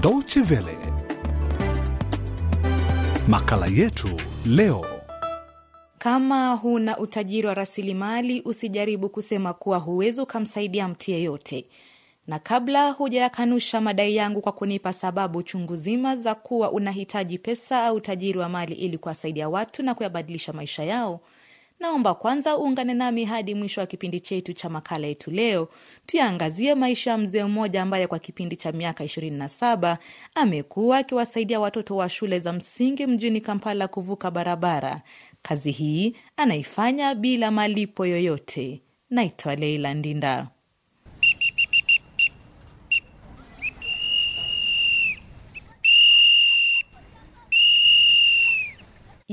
Deutsche Welle. Makala yetu leo. Kama huna utajiri wa rasilimali, usijaribu kusema kuwa huwezi ukamsaidia mtu yeyote. Na kabla hujayakanusha madai yangu kwa kunipa sababu chungu zima za kuwa unahitaji pesa au utajiri wa mali ili kuwasaidia watu na kuyabadilisha maisha yao, Naomba kwanza uungane nami hadi mwisho wa kipindi chetu cha makala yetu. Leo tuyaangazie maisha ya mzee mmoja ambaye kwa kipindi cha miaka 27 amekuwa akiwasaidia watoto wa shule za msingi mjini Kampala kuvuka barabara. Kazi hii anaifanya bila malipo yoyote. Naitwa Leila Ndinda.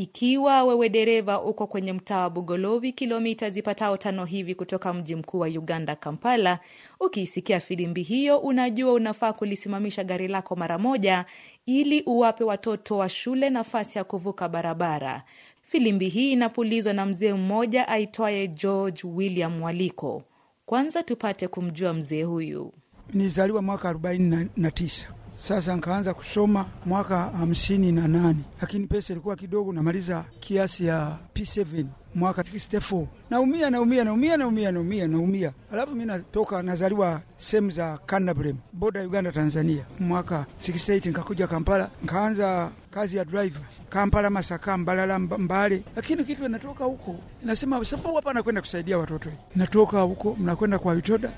Ikiwa wewe dereva uko kwenye mtaa wa bugolovi kilomita zipatao tano hivi kutoka mji mkuu wa Uganda, Kampala, ukiisikia filimbi hiyo, unajua unafaa kulisimamisha gari lako mara moja, ili uwape watoto wa shule nafasi ya kuvuka barabara. Filimbi hii inapulizwa na mzee mmoja aitwaye George William Waliko. Kwanza tupate kumjua mzee huyu. Nilizaliwa mwaka 49 sasa nkaanza kusoma mwaka hamsini na nane, lakini pesa ilikuwa kidogo, namaliza kiasi ya P7 mwaka 64 naumia naumia naumia naumia naumia naumia, alafu mi natoka nazaliwa sehemu za Canterbury boda Uganda Tanzania. Mwaka 68 nkakuja Kampala, nkaanza kazi ya driver Kampala, Masaka, Mbalala, Mbale, lakini kitu natoka huko nasema sababu hapa nakwenda kusaidia watoto, natoka huko mnakwenda kwa vitoda,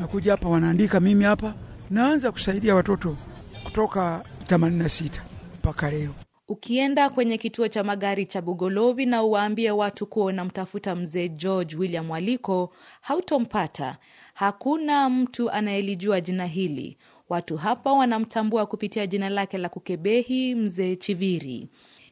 nakuja hapa wanaandika mimi hapa naanza kusaidia watoto toka 86 mpaka leo. Ukienda kwenye kituo cha magari cha Bugolovi na uwaambie watu kuwa unamtafuta mzee George William Waliko, hautompata. Hakuna mtu anayelijua jina hili. Watu hapa wanamtambua kupitia jina lake la kukebehi, mzee Chiviri.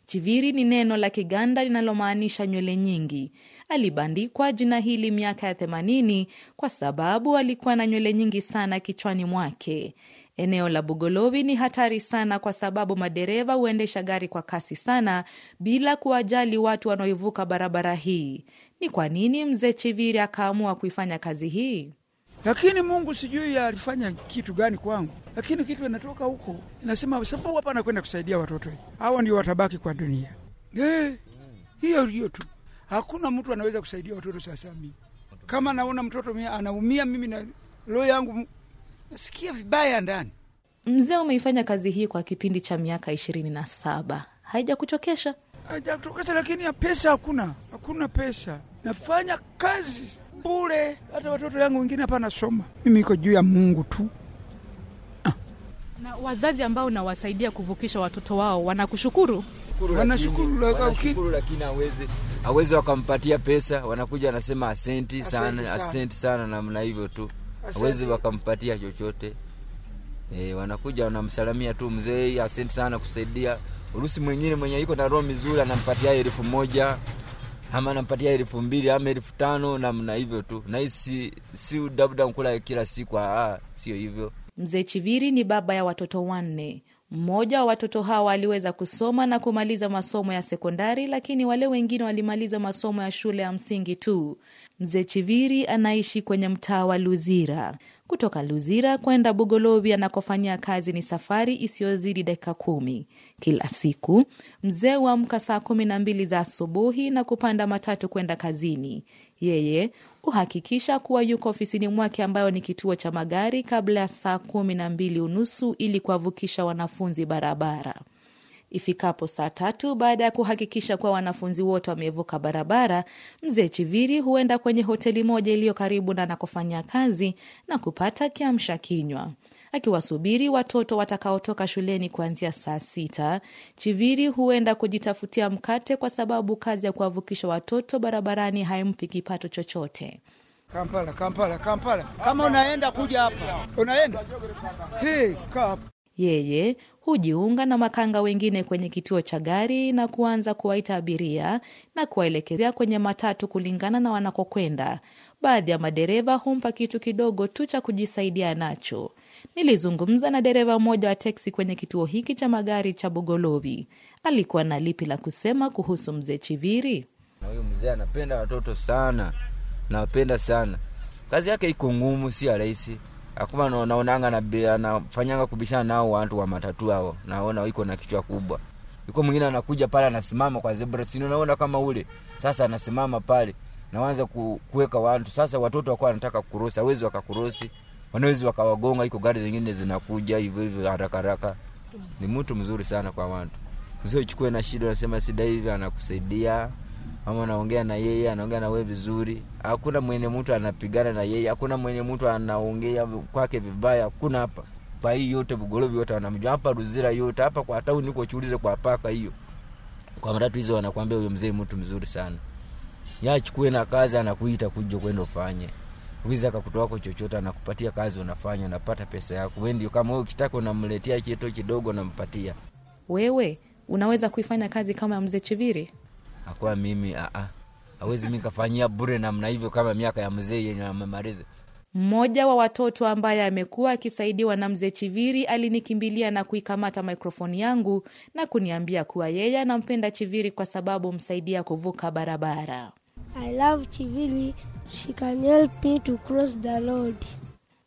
Chiviri ni neno la Kiganda linalomaanisha nywele nyingi. Alibandikwa jina hili miaka ya themanini kwa sababu alikuwa na nywele nyingi sana kichwani mwake. Eneo la Bugolobi ni hatari sana, kwa sababu madereva huendesha gari kwa kasi sana bila kuwajali watu wanaoivuka barabara hii. Ni kwa nini mzee Chiviri akaamua kuifanya kazi hii? Lakini Mungu sijui alifanya kitu gani kwangu, lakini kitu inatoka huko inasema, sababu hapa anakwenda kusaidia watoto hawa, ndio watabaki kwa dunia. Eh, hiyo ndio tu, hakuna mtu anaweza kusaidia watoto. Sasa mimi kama naona mtoto mimi anaumia, mimi na roho yangu nasikia vibaya ndani. Mzee, umeifanya kazi hii kwa kipindi cha miaka ishirini na saba, haijakuchokesha? Haijakuchokesha, lakini ya pesa hakuna, hakuna pesa. Nafanya kazi bure, hata watoto yangu wengine hapa nasoma. Mimi iko juu ya Mungu tu. Ah. Na wazazi ambao nawasaidia kuvukisha watoto wao wanakushukuru? Wanashukuru, lakini aweze aweze wakampatia pesa, wanakuja anasema asenti sana, asenti sana, asenti sana namna hivyo tu hawezi wakampatia chochote. E, wanakuja wanamsalamia tu mzee, asante sana kusaidia. Urusi mwingine mwenye iko na roho mizuri anampatia elfu moja ama anampatia elfu mbili ama elfu tano namna hivyo tu, na hii si, dabuda nkula kila siku, sio hivyo. Mzee Chiviri ni baba ya watoto wanne mmoja wa watoto hawa aliweza kusoma na kumaliza masomo ya sekondari, lakini wale wengine walimaliza masomo ya shule ya msingi tu. Mzee Chiviri anaishi kwenye mtaa wa Luzira. Kutoka Luzira kwenda Bugolobi anakofanyia kazi ni safari isiyozidi dakika kumi. Kila siku mzee huamka saa kumi na mbili za asubuhi na kupanda matatu kwenda kazini. Yeye huhakikisha kuwa yuko ofisini mwake ambayo ni kituo cha magari kabla ya saa kumi na mbili unusu ili kuwavukisha wanafunzi barabara. Ifikapo saa tatu baada ya kuhakikisha kuwa wanafunzi wote wamevuka barabara, mzee Chiviri huenda kwenye hoteli moja iliyo karibu na anakofanya kazi na kupata kiamsha kinywa akiwasubiri watoto watakaotoka shuleni kuanzia saa sita. Chiviri huenda kujitafutia mkate kwa sababu kazi ya kuwavukisha watoto barabarani haimpi kipato chochote. Kampala, Kampala, Kampala, kama unaenda kuja hapa unaenda hii yeye hujiunga na makanga wengine kwenye kituo cha gari na kuanza kuwaita abiria na kuwaelekezea kwenye matatu kulingana na wanakokwenda. Baadhi ya madereva humpa kitu kidogo tu cha kujisaidia nacho. Nilizungumza na dereva mmoja wa teksi kwenye kituo hiki cha magari cha Bogolobi. Alikuwa na lipi la kusema kuhusu mzee Chiviri? Na Huyu mzee anapenda watoto sana, nawapenda sana kazi yake iko ngumu, si rahisi. Akuma naonanga na anafanyanga kubishana nao watu wa matatu hao, naona iko na kichwa kubwa. Iko mwingine anakuja pale anasimama kwa zebra, si unaona kama ule sasa anasimama pale nawanza kuweka watu sasa, watoto wakuwa wanataka kurosi, awezi wakakurosi wanawezi wakawagonga, iko gari zingine zinakuja hivyo hivyo haraka haraka. Ni mtu mzuri sana kwa watu, usichukue na shida, unasema sida hivyo, anakusaidia ama anaongea na yeye, anaongea na wewe vizuri. Hakuna mwenye mtu anapigana na yeye, hakuna mwenye mtu anaongea kwake vibaya, hakuna hapa pa hii yote Bugolobi yote wanamjua hapa, Ruzira yote hapa kwa tauni huko, chulize kwa paka hiyo kwa matatu hizo, wanakuambia huyo mzee mtu mzuri sana, yachukue na kazi, anakuita kuja kwenda ufanye wiza kakuto wako chochote, anakupatia kazi, unafanya unapata pesa yako. We ndio kama we ukitaka unamletea cheto kidogo, unampatia wewe. Unaweza kuifanya kazi kama mzee Chiviri? Akwa mimi aa, ah, ah. awezi mi kafanyia bure namna hivyo, kama miaka ya mzee yenye amemaliza mmoja wa watoto ambaye amekuwa akisaidiwa na mzee Chiviri alinikimbilia na kuikamata mikrofoni yangu na kuniambia kuwa yeye anampenda Chiviri kwa sababu msaidia kuvuka barabara. I love Chiviri She can help me to cross the road.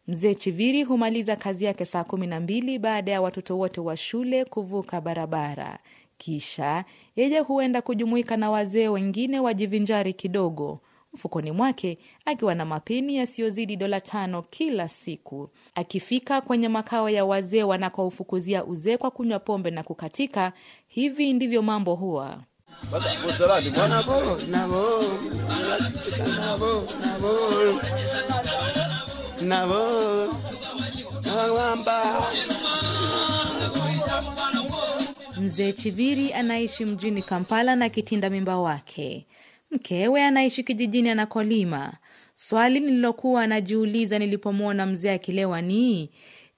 Mzee Chiviri humaliza kazi yake saa kumi na mbili baada ya watoto wote wa shule kuvuka barabara. Kisha yeye huenda kujumuika na wazee wengine wajivinjari kidogo, mfukoni mwake akiwa na mapeni yasiyozidi dola tano kila siku. Akifika kwenye makao ya wazee wanakoufukuzia uzee kwa kunywa pombe na kukatika, hivi ndivyo mambo huwa. Mzee Chiviri anaishi mjini Kampala na kitinda mimba wake. Mkewe anaishi kijijini anakolima. Swali nililokuwa anajiuliza nilipomwona mzee akilewa ni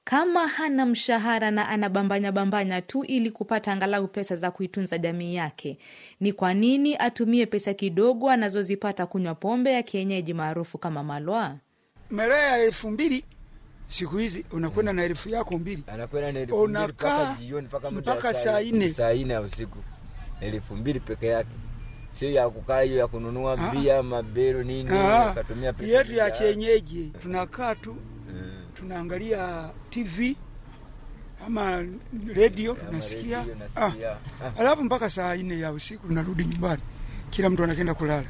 kama hana mshahara na anabambanya bambanya tu ili kupata angalau pesa za kuitunza jamii yake, ni kwa nini atumie pesa kidogo anazozipata kunywa pombe ya kienyeji maarufu kama malwa? Malwa ya elfu mbili siku hizi unakwenda na elfu yako mbili, unakaa mpaka saa nne ya usiku. Elfu mbili peke yake sio ya kukaa, hiyo ya kununua ah. bia, mabero nini, ah. pesa yetu ya kienyeji, tunakaa tu tunaangalia TV ama redio tunasikia, ah, alafu mpaka saa nne ya usiku tunarudi nyumbani, kila mtu anakenda kulala.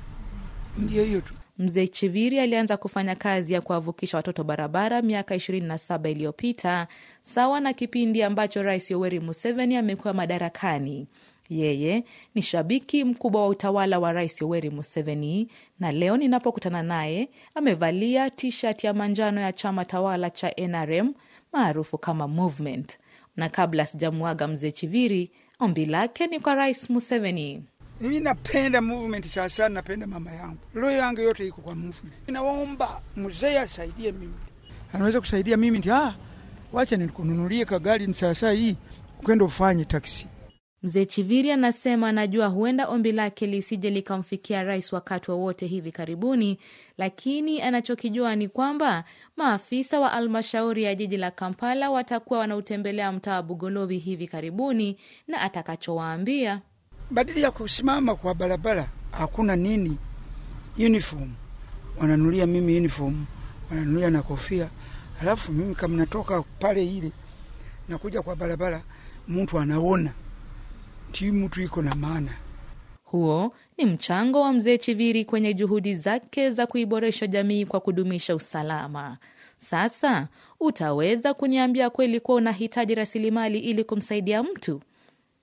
Ndio hiyo tu. Mzee Chiviri alianza kufanya kazi ya kuwavukisha watoto barabara miaka 27 iliyopita, sawa na kipindi ambacho Rais Yoweri Museveni amekuwa madarakani. Yeye ni shabiki mkubwa wa utawala wa Rais Yoweri Museveni, na leo ninapokutana naye amevalia tishati ya manjano ya chama tawala cha NRM maarufu kama Movement. Na kabla sijamwaga mzee Chiviri, ombi lake ni kwa Rais Museveni. Mimi napenda Movement sasa, napenda mama yangu, roho yangu yote iko kwa Movement. Naomba mzee asaidie mimi, anaweza kusaidia mimi. Ah, wacha nikununulie kagari sasa, hii ukwenda ufanye taksi Mzee Chiviri anasema anajua huenda ombi lake lisije likamfikia rais wakati wowote wa hivi karibuni, lakini anachokijua ni kwamba maafisa wa almashauri ya jiji la Kampala watakuwa wanautembelea mtaa wa Bugolobi hivi karibuni, na atakachowaambia badili ya kusimama kwa barabara hakuna nini, uniform wananulia mimi uniform, wananulia na kofia, alafu mimi kama natoka pale ile nakuja kwa barabara, mtu anaona ki mtu iko na maana. Huo ni mchango wa mzee Chiviri kwenye juhudi zake za kuiboresha jamii kwa kudumisha usalama. Sasa utaweza kuniambia kweli kuwa unahitaji rasilimali ili kumsaidia mtu?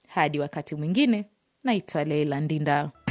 Hadi wakati mwingine, naitwa Leila Ndinda.